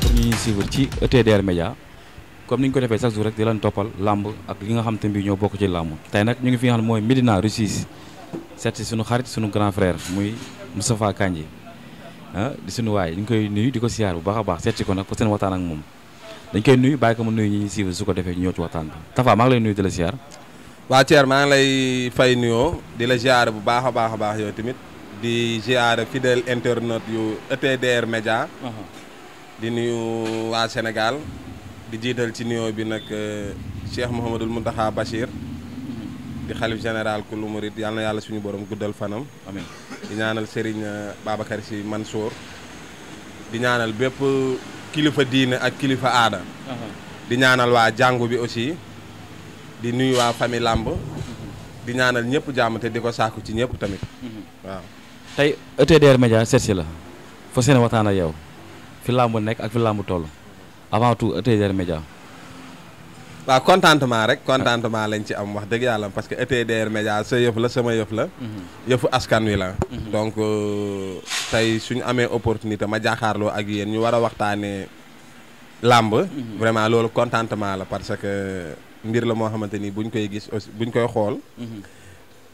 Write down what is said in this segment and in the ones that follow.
pour ñu ñuy suivre ci ETDR Média comme ni ñu ko defee chaque jour rek di leen toppal làmb ak li nga xam te bi ñoo bokk ci làmb tey nag ñu ngi fi nga xam mooy Médina Russie seet si suñu xarit suñu grand frère muy Moustapha Kandji ah di suñu waay ñu ngi koy nuyu di ko siyaar bu baax baax seet si ko nag pour seen waxtaan ak moom dañ koy nuyu bàyyi ko mu nuyu ñi ñuy suivre su ko defee ñoo ci waxtaan bi Tafa maa ngi lay nuyu di la siyaar waa Thier maa di la ziar bu baax baax a baax yow tamit di ziar fidèle internaute yu ETDR Média uh-huh. di nuyu waa Sénégal di jiital ci nuyoo bi nag euh, Cheikh Mouhamadul Mountakha Bachir di xalif général ku lu murit yàlla suñu borom guddal fanam. amiin di ñaanal Serigne euh, Babacar Sy Mansour di ñaanal bépp kilifa diine ak kilifa aada. di ñaanal waa jàngu bi aussi di nuyu waa famille làmb di ñaanal ñëpp jàmm te di ko sàkku ci ñëpp tamit. Mhm. waaw tey ETDR Média seet si la fa seen waxtaan ak yow. fi nek ak fi làmb toll avant tout meja. Média waaw contentement rek contentement lañ ci am wax deug yalla parce que ETDR Média sa yëf la sama la mhm. yëfu askan wi la mhm. donc euh, tay suñu amé opportunité ma jaxarlo ak yeen ñu wara a lamb mhm. vraiment mirlo contentement la parce que mbir la mo xamanteni buñ koy gis buñ koy xol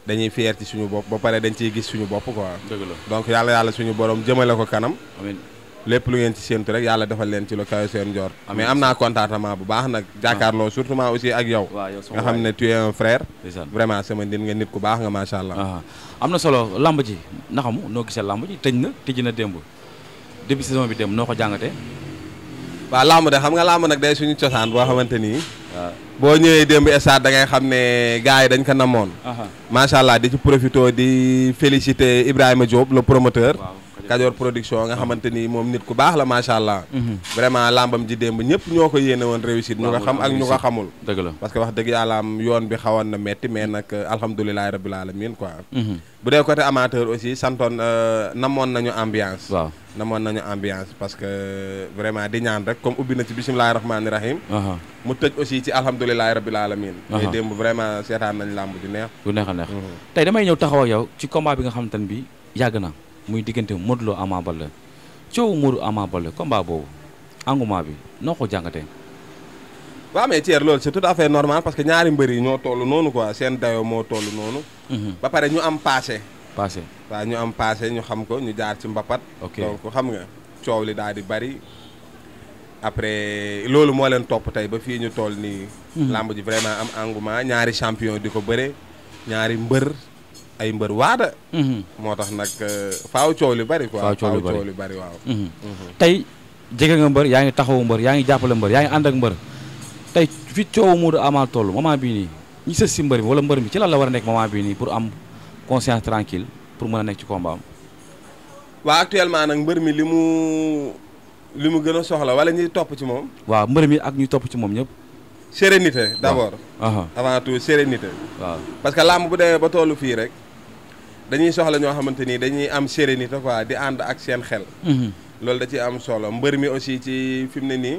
dañuy fier ci suñu bop ba paré dañ ci gis suñu bop quoi la donc yalla yalla suñu borom jëmele ko kanam amin lépp lu ngeen ci séentu rek yàlla defal leen ci lu kawe seen njort mais am naa contentement bu baax nag jàkkaarloo surtout ment aussi ak yow nga xam ne tu es un frère vraiment sama nit nga nit ku baax nga macha allah ah, am na solo lamb ji naxamu noo gisee lamb ji tëj na tëj na démb début saison bi démb noo ko jàngate waaw lamb de xam nga lamb nag day suñu cosaan boo xamante nii ah. boo ñëwee démb stade da ngay xam ne gars yi dañ ko namoon macha allah di ci di féliciter Ibrahima Diop le promoteur kadior production nga xamanteni mom nit ku bax la machallah allah. Mhm. vraiment lambam ji demb ñëpp ñoko yene won réussite ñu nga xam ak ñu nga xamul deug la parce que wax deug yalla am yoon bi xawon na metti mais nak euh, alhamdulilahi rabbil alamin quoi mhm. bu dé côté amateur aussi euh, namon nañu ambiance waaw namon nañu ambiance parce que euh, vraiment di ñaan rek comme ubbi na ci bisimilahi rahmaani rahim mu tej aussi ci alhamdulilahi rabbil alamin mais demb vraiment sétane nañ lamb di neex bu neex neex mhm. tay damay ñew taxaw ak yow ci combat bi nga xamante bi yàgg na muy diggante Modou Lo Ama Baldé coow Modou Ama Baldé combat boobu engouement bi noo ko jàngatee. waaw mais Thier loolu c'est tout à normal parce que ñaari mbër yi ñoo toll noonu ko seen dayoo moo tollu noonu. Mhm. ba pare ñu am passé. passé waaw ñu am passé ñu xam ko ñu jaar ci mbapat. ok donc xam nga coow li daal di bari. après loolu moo leen topp tey ba fii ñu toll nii. Mhm. làmb ji vraiment am engouement ñaari champion di ko bëre ñaari mbër. ay mbër waada. Mhm. moo tax nag euh, faaw coow li bari quoi. faaw bari waaw. Mhm. Mhm. tey jege nga mbër yaa ngi taxawu mbër yaa ngi jàppale mbër yaa ngi ànd ak mbër tey fi coowu Modou Ama toll moment bii nii ñi sës si mbër bi wala mbër mi ci lan la war a nekk moment bii nii pour am conscience tranquille pour mën a nekk ci combat am. waaw actuellement nag mbër mi li mu li mu gën a soxla wala ñuy topp ci moom. waaw mbër mi ak ñuy topp ci moom ñëpp. sérénité d'abord. avant tout sérénité. parce que làmb bu demee ba tollu fii rek. dañuy soxla ñoo xamante ni dañuy am sérénité quoi di ànd ak seen xel. Mhm. loolu da ci am solo mbër mi aussi ci fi mu ne nii.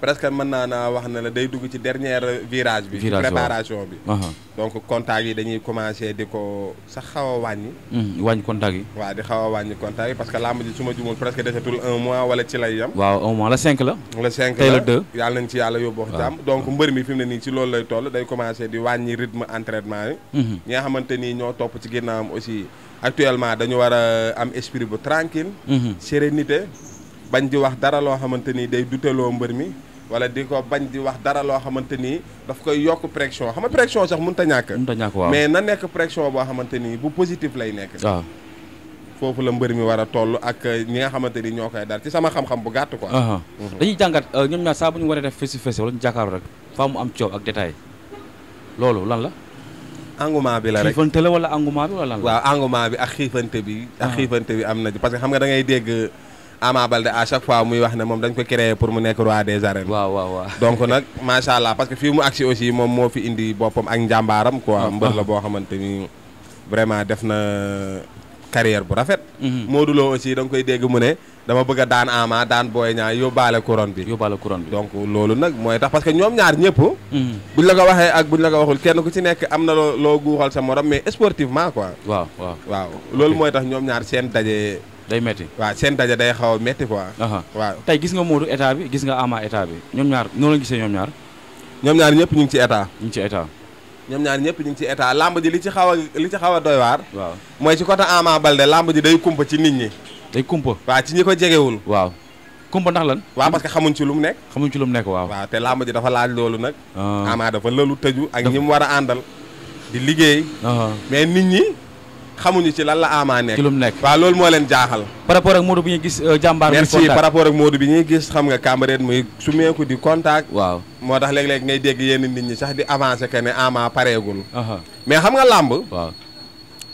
presque mën naa naa wax na la day dugg ci dernier virage bi préparation bi uh-huh. donc contact yi dañuy commencé di ko sax xaw a wàññi mm-hmm. wàññi contact yi waa di xaw a wàññi contact yi parce que la ji su ma jumul presque desetul un mois wala ci lay yem waaw un mois la cinq la la cinq la tey la deux ci yàlla yóbbu wax jàmm donc mbër mi fi mu nii ci loolu lay toll day commencé di wàññi rythme entraînement yi mm-hmm. ñi nga xamante nii ñoo topp ci ginnaawam aussi actuellement dañu war a am esprit bu tranquille mm-hmm. sérénité bañ di wax dara loo xamante nii day duteloo mbër mi wala di ko bañ di wax dara loo xamante ni daf koy yokk pression xam nga pression sax mënut a ñàkk. mënut a ñàkk waaw mais na nekk pression boo xamante ni bu positif lay nekk. waaw foofu la mbër mi war a toll ak ñi nga xamante ni ñoo koy dara ci sama xam-xam bu gàtt ko uh-huh. mhm. dañuy jàngat euh, ñoom ñaar bu ñu war a def fesi fesi wala ñu jàkkaarloo rek faa mu am coow ak détail loolu lan la. engouement bi la rek xiifante la wala engouement bi wala lan waaw engouement bi ak xiifante bi. ak uh-huh. xiifante bi am na parce que xam nga da ngay dégg. Ama Balde à chaque fois muy wax ne moom dañ ko créé pour mu nekk roi des arènes. waaw waaw waaw nag macha allah parce que fii mu agsi aussi moom moo fi indi boppam ak njàmbaaram quoi. Ah, ah. mbër la boo xamante ni vraiment def na carrière bu rafet. Mhm. Modou Lo aussi da nga koy dégg mu ne dama bëgg a daan Ama daan booy Niang yóbbaale couronne bi. yóbbaale couronne bi donc loolu nag mooy tax parce que ñoom ñaar ñëpp. Mhm. buñ la ko waxee ak buñ la ko waxul kenn ku ci nekk am na loo loo guuxal sa morom mais sportivement quoi. waaw loolu mooy tax ñoom ñaar seen daje. day metti waaw seen daje day xaw a metti quoi. waaw tey gis nga Modou état bi gis nga Ama état bi ñoom ñaar noonu la gisee ñoom ñaar. ñoom ñaar ñëpp ñu ngi ci état. ñu ngi ci état. ñoom ñëpp ñu ngi ci état làmb ji li ci xaw a li ci xaw a doy waar. mooy ci côté Ama Baldé làmb ji day kumpa ci nit ñi. day kumpa waaw ci ñi ko jegewul. waaw kumpa ndax lan. waa parce que xamuñ ci lu mu nekk. xamuñ ci lu mu nekk waaw. waaw te làmb ji dafa laaj loolu nag. Ah. Ama dafa lëlu tëju ak ñi mu war a àndal di liggéey mais nit ñi xamuñu ci lan la Ama nekk ci lu mu nekk waaw loolu moo leen jaaxal par rapport ak Modou bi ñuy gis euh, jàmbaar bi ñuy xam nga Cambérène muy sumeeku di contact waaw moo tax léeg-léeg ngay dégg yenn nit ñi sax di avancé que ne Ama pareegul mais xam nga làmb waaw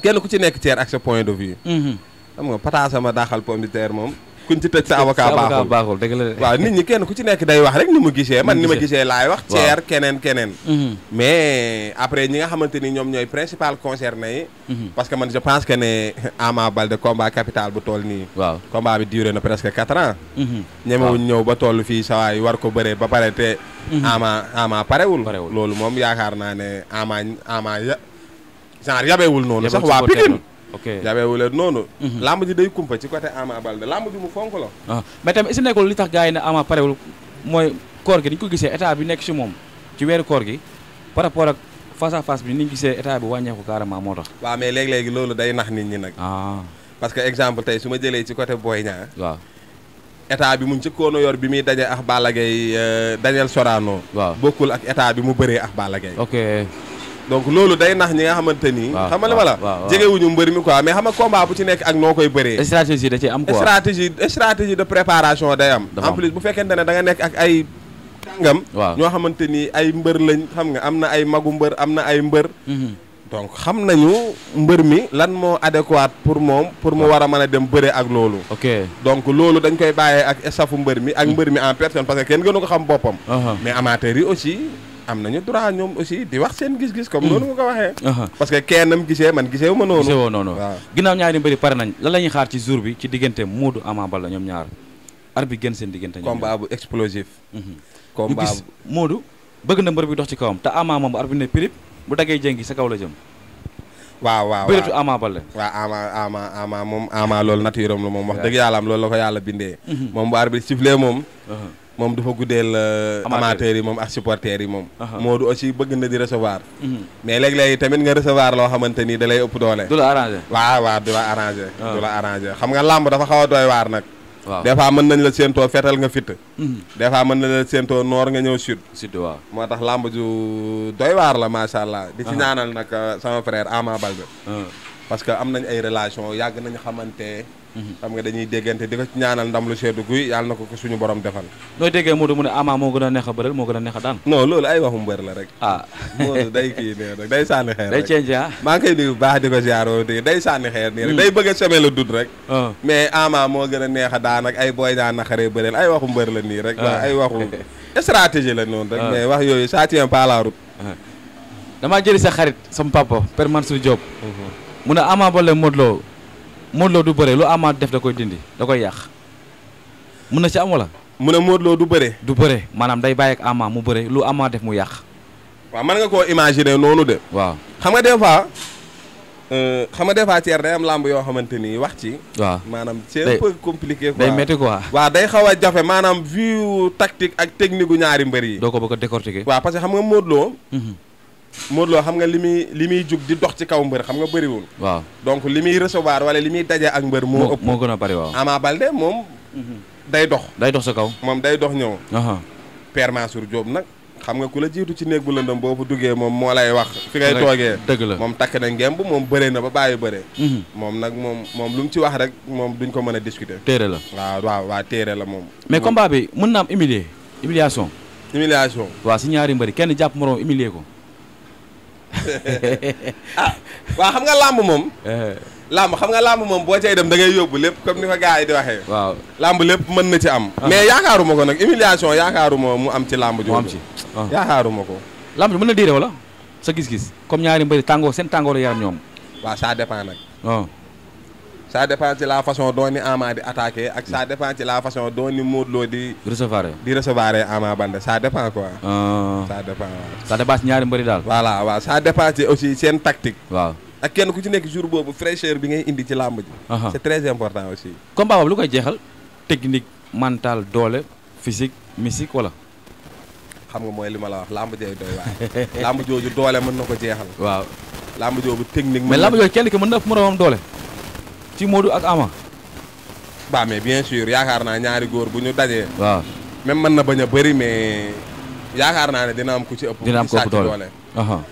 kenn ku ci nekk ceer ak sa point de vue mhm. xam nga pataasama daaxal pomme de terre moom kuñ ci tëj sa avocat baaxul baaxul waaw nit ñi kenn ku ci nekk day wax rek ni mu gisee man ni ma gisee laay wax ceer keneen keneen mm-hmm. mais après ñi nga xamante ni ñoom ñooy principal concerné yi mm-hmm. parce que man je pense que ne Ama Baldé combat capital bu toll nii waaw combat bi duré na presque quatre ans mm-hmm. ñemewuñ ñëw ba toll fii sawaay war ko bëree ba pare te Ama Ama parewul loolu moom yaakaar naa ne Ama Ama genre yabewul noonu sax waa Pikine jabeewuleen noonu mhm. lamb ji day kumpa ci côté Ama Baldé lamb ji mu fonk la ah, mais tamit est-ce que nekkul tax gars yi ne Ama parewul mooy koor gi ni ñu ko gisee état bi nekk ci moom ci weeru koor gi par rapport ak face à face bi ni ñu gisee état bi wàññeeku carrément moo tax waaw mais léegi-léegi loolu day nax nit ñi nag ah. parce que exemple tey su ma jëlee ci côté Boy Niang waaw bi mu njëkkoon a yor bi muy daje ak Balla Gaye euh, Daniel Sorano waaw bokkul ak état bi mu bëree ak Balla donc loolu day nax ñi nga xamante ni xam nga wala jegewuñu mbër mi quoi mais xam nga combat bu ci nekk ak noo koy bëree stratégie da ci am quoi stratégie stratégie de préparation day am en plus bu fekkente ne danga nga nekk ak ay tàngam ñoo xamante ni ay mbër lañ xam nga am na ay magu mbër am na ay mbër mm-hmm. donc xam nañu mbër mi lan moo adéquat pour moom pour mu war a mën a dem bëre ak loolu ok donc loolu dañ koy bàyyee ak staffu mbër mi ak mm. mbër mi en personne parce que kenn gënu ko xam boppam uh-huh. mais amateurs yi aussi am nañu droit ñoom aussi di wax seen gis-gis. comme mm. noonu nga uh-huh. que kennam gisee man gisee wu woo noonu waaw ginnaaw ñaari mbëri pare nañ lan la ñuy bi ci diggante Modou Ama ñoom ñaar ar bi gën seen diggante. ñoom combat bu explosif. Mm-hmm. combat bëgg na mbër bi dox ci kawam te Ama moom ar bi ne pirip kaw la jëm. waaw waaw bëreetu Ama Baldé waaw Ama Ama loolu nature am la moom wax dëgg yàlla am loolu la ko yàlla bindee. Mm-hmm. moom bu arbitre sifflé moom. Uh-huh. moom du fa dafa guddeel euh, amateurs yi moom ak supporters yi moom Modou aussi bëgg na di recevoir mhm. mais léeg-léeg tamit nga recevoir loo xamante nii dalay ëpp doole du la arrangé waaw waaw du la arrangé ah. du la arrangé xam nga làmb dafa xaw a doy waar nag waaw des fois mën nañ la séentoo fetal nga fitt mhm. des fois mën nañ la séentoo noor nga ñëw sud sud waaw moo tax làmb ju doy waar la macha allah di ci ñaanal nag euh, sama frère Ama Baldé ah. parce que am nañ ay relation yàgg nañ xamante Mm-hmm. xam nga dañuy déggante di ko ñaanal ndam lu seddu guy yàlla na ko ko suñu borom defal nooy déggee Modou mu ne Ama moo gën a neex a bëreel moo gën a neex a daan non ay rek ah Modou ah. maa ngi koy baax di day sànni xeer nii mm. bëgg a la dud rek ah. mais Ama moo gën a neex a daan ak ay booy daan na xaree bëreel ay waxu mbër la nii rek ah. ay waxu stratégie la noonu rek mais wax yooyu ça tient pas damaa jëli sa xarit sama papa Père Mansour Diop mm-hmm. mu ne Ama Baldé Modou Lo Modou du bëre lu amaa def da koy dindi da koy yàq mun na ci am wala. mu na mootloo du bëre. du bëre maanaam day bàyyi ak Ama mu bëre lu amaa def mu yàq. waa mën nga koo imaginer noonu de. waaw xam nga des fois euh, xam nga des fois day am lamb yoo xamante ni wax ci. waa maanaam c'est un peu compliqué. quoi day métti waaw day xaw a jafe maanaam vue tactique ak technique gu ñaari mbër yi. doo ko bëgg a décortiquer. waaw parce que xam nga Modou Lo. Mhm. Modou loo xam nga li muy li muy jug di dox ci kaw mbër xam nga bëriwul. waaw donc li muy recevoir wala li muy daje ak mbër. moo ëpp moo gën a bëri waaw. Ama Balde moom. day dox. day dox sa kaw. moom day dox ñëw. Uh-huh. Père Mansour Diop nag. xam nga ku la jiitu ci néeg bu lëndëm boo fa duggee moom moo lay wax fi ngay toogee dëgg la moom takk na ngemb moom bëree na ba bàyyi bëree mm-hmm. moom nag moom moom lu mu ci wax rek moom duñ ko mën a discuter téere la waaw waaw waaw téere la moom mais combat bi mën na am humilier humiliation humiliation waaw si ñaari mbëri kenn jàpp moroom humilier ko ah waaw xam nga làmb moom. Eh. làmb xam nga lamb moom boo cay dem da ngay yóbbu lépp comme ni ko gars yi di waxee. waaw làmb lépp mën na ci am. Ah. mais yaakaaruma ko nag humiliation yaakaaruma mu am ci làmb jooju. mu am ci ah. yaakaaruma ko. làmb ji mën na diire wala sa gis-gis comme ñaari mbëri tàngoo seen tàngooru yaram ñoom. waaw ça dépend nag. Ah. ça dépend ci la façon doo ni Ama di attaqué ak ça dépend ci la façon doo ni Modou Lo di. recevoir di recevoir Ama Baldé sa dépend quoi. Euh, ça dépend dépend ci ñaari mbëri daal. voilà waaw ça dépend ci aussi seen tactique. waaw ak kenn ku ci nekk jour boobu fraîcheur bi ngay indi ci lamb ji. c'est très important aussi. combat boobu lu koy jeexal technique mental doole physique mystique wala. xam nga mooy li ma la wax làmb jooju doy doole mën na ko jeexal. waaw làmb jooju technique. mais làmb jooju kenn mën na ëpp moroomam doole. ci Modou ak Ama. ba mais bien sûr yaakaar naa ñaari góor bu ñu dajee. waaw même mën na bañ a bëri mais yaakaar naa ne dina am ku ci ëpp. dina am ku ëpp doole waaw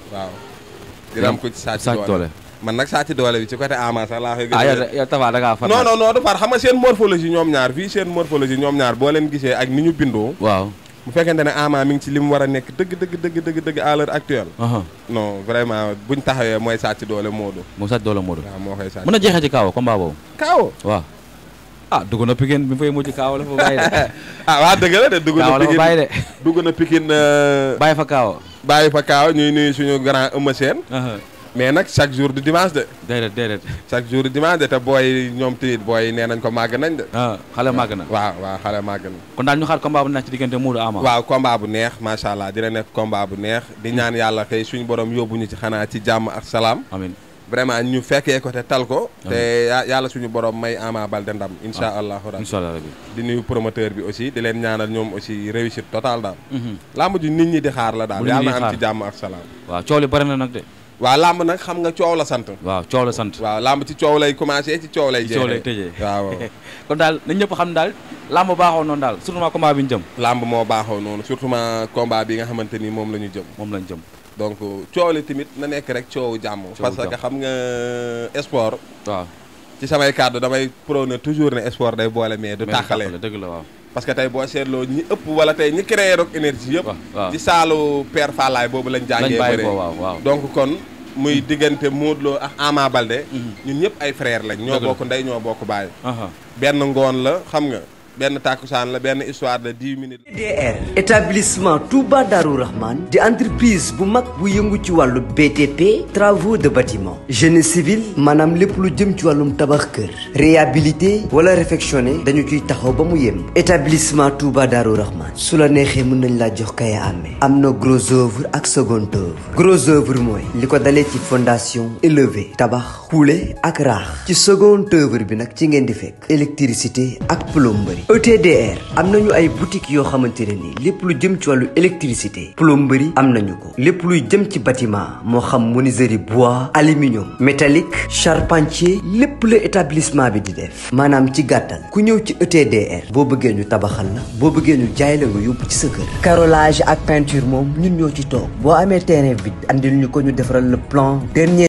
dina am ku ci sàcc doole man nag sàcc doole bi ci côté Ama sax laa koy. ah yow Tapha da far. non non non du far xam nga seen morphologie ñoom ñaar fii seen morphologie ñoom ñaar boo leen gisee ak ni ñu bindoo. waaw. bu fekkente ne Ama mi ngi ci li mu war a nekk dëgg dëgg dëgg dëgg dëgg à l'heure actuelle. Uh-huh. non vraiment buñ taxawee mooy sàcc doole Modou. moo sàcc doole Modou. moo koy a jeexee ci Kaawo combat boobu. Kaawo waaw. ah dugg na Pikine bi mu fay mujj Kaawo la fa bàyyi ah, waa dëgg la de dugg na Pikine Kaawo la fa bàyyi de. dugg na Pikine. Euh, bàyyi fa Kaawo. ñuy nuyu suñu grand Eumeu Sène. Uh-huh. mais nag chaque jour du dimanche de. chaque jour du dimanche te booy ñoom tamit booy yi nee nañ ko màgg nañ de. Ah, xale màgg na. waaw waaw xale màgg na. kon daal ñu xaar combat bu neex ci diggante Modou Ama. waaw combat bu neex macha allah dina nekk combat bu neex. di ñaan yàlla xëy suñu borom yóbbuñu ci xanaa ci jàmm ak salaam. amiin vraiment ñu fekkee ko te tal ko. te yàlla suñu borom may Ama Baldé ndam. incha ah, allahu rabbi incha allah di nuyu promoteur bi aussi di leen ñaanal ñoom aussi réussite totale daal. Mhm. làmb ji nit ñi di xaar la daal. yàlla na am ci jàmm a salaam. waaw coow li bari na nag waaw làmb nag xam nga coow la sant. waaw coow la sant. waaw làmb ci coow lay commencé ci coow lay. jeexee coow lay tëjee waaw. kon daal nañ ñëpp xam daal làmb baaxoo noonu daal surtout combat bi ñu jëm. làmb moo baaxoo noonu surtout combat bi nga xamante ni moom la ñu jëm. moom la jëm. donc coow li tamit na nekk rek coowu jàmm. parce que xam nga euh, sport. waaw ci samay kàddu damay prôné toujours ne sport day boole mais du tàqale la parce que tey boo seetloo ñi ëpp wala tey ñi créé Rock Énergie yëpp. ci saalu Père Fallaye boobu lañ. jàngee bëri donc kon. muy diggante Modou Lo ak Ama mhm. ñun ñëpp ay frère lañ ñoo bokk ndey ñoo bokk baay benn ngoon la xam nga ben takusan la ben histoire de 10 minutes. DR établissement Touba Darou Rahman di entreprise bu mak bu yeungu ci walu BTP travaux de bâtiment génie civil manam lepp lu jëm ci walum tabax keur réhabilité wala réfectionné dañu ciy taxaw ba mu yem établissement Touba Darou Rahman sou la nexé mën nañ la jox kaya amé amna gros œuvre ak second œuvre gros œuvre moy liko dalé ci fondation élevée tabax xuule ak raax ci second œuvre bi nak ci ngeen di fekk électricité ak plomberie ETDR am nañu ay boutique yoo xamante ne nii lépp lu jëm ci wàllu électricité plomberie am nañu ko lépp luy jëm ci bâtiment moo xam ni menuiserie bois aluminium métallique charpentier lépp la établissement bi di def maanaam ci gàttal ku ñëw ci ETDR boo bëggee ñu tabaxal la boo bëggee ñu jaay la yóbbu ci sa kër carrelage ak peinture moom ñun ñoo ci toog boo amee terrain bi andil ñu ko ñu defaral le plan dernier